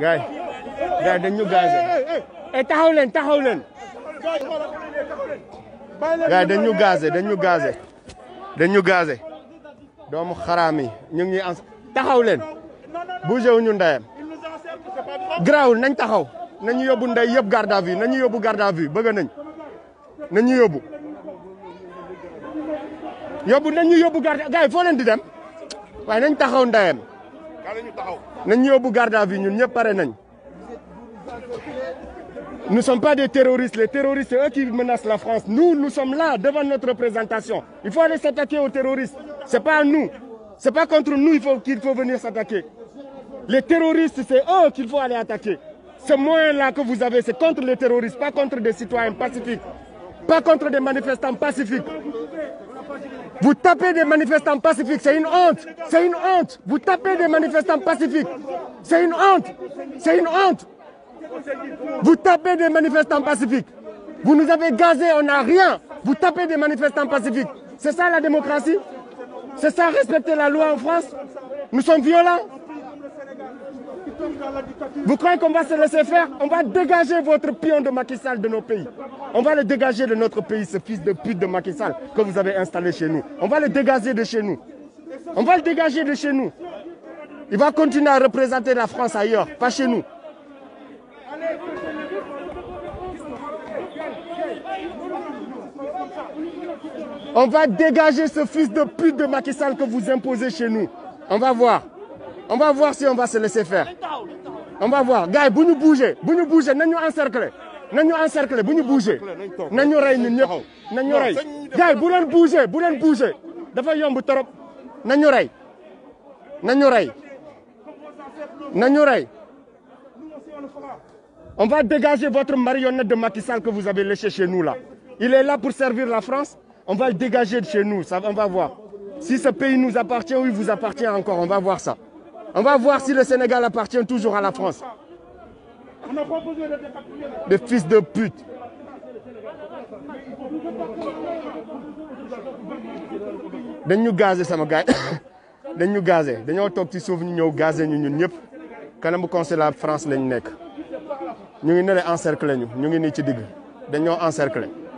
gaay gaay dañ ñu gazé eh taxaw leen taxaw gaase gaay gaase dañ ñu gazé doomu xaraam yi ñu ngi ñuy taxaw leen bougé wu ñu ndeyam grawul nañ taxaw nañu yóbbu ndey yëpp garde à nañu yóbbu garde à vue bëgg nañ nañu yóbbu yóbbu nañu yóbbu garde gaay foo leen di dem waaye nañ taxaw ndeyam nous ne sommes pas des terroristes les terroristes c'est eux qui menacent la France nous nous sommes là devant notre représentation il faut aller s'attaquer aux terroristes c'est pas nous c'est pas contre nous il faut qu'il faut venir s'attaquer les terroristes c'est eux qu'il faut aller attaquer ce moyen-là que vous avez c'est contre les terroristes pas contre des citoyens pacifiques pas contre des manifestants pacifiques vous tapez des manifestants pacifiques, c'est une honte. C'est une honte. Vous tapez des manifestants pacifiques. C'est une honte. C'est une honte. Vous tapez des manifestants pacifiques. Vous nous avez gazés, on n'a rien. Vous tapez des manifestants pacifiques. C'est ça la démocratie C'est ça respecter la loi en France Nous sommes violents Vous croyez qu'on va se laisser faire On va dégager votre pion de Macky de nos pays. On va le dégager de notre pays, ce fils de pute de Macky Sall que vous avez installé chez nous. On va le dégager de chez nous. On va le dégager de chez nous. Il va continuer à représenter la France ailleurs, pas chez nous. On va dégager ce fils de pute de Macky Sall que vous imposez chez nous. On va voir. On va voir si on va se laisser faire. On va voir. Gars, vous nous bougez. Vous nous bougez. Nous nous encerclez on va dégager votre marionnette de Macky que vous avez laissée chez nous là il est là pour servir la France on va le dégager de chez nous ça on va voir si ce pays nous appartient ou il vous appartient encore on va voir ça on va voir si le Sénégal appartient toujours à la France de fils de pute. dañ ñu gazé sama gaay dañ ñu gazé dañoo toog ci suuf ñu ñëw gazé ñu ñun ñëpp kanamu consulat France lañ nekk ñu ngi ne la encerclé ñu ñu ngi nii ci digg dañoo encerclé.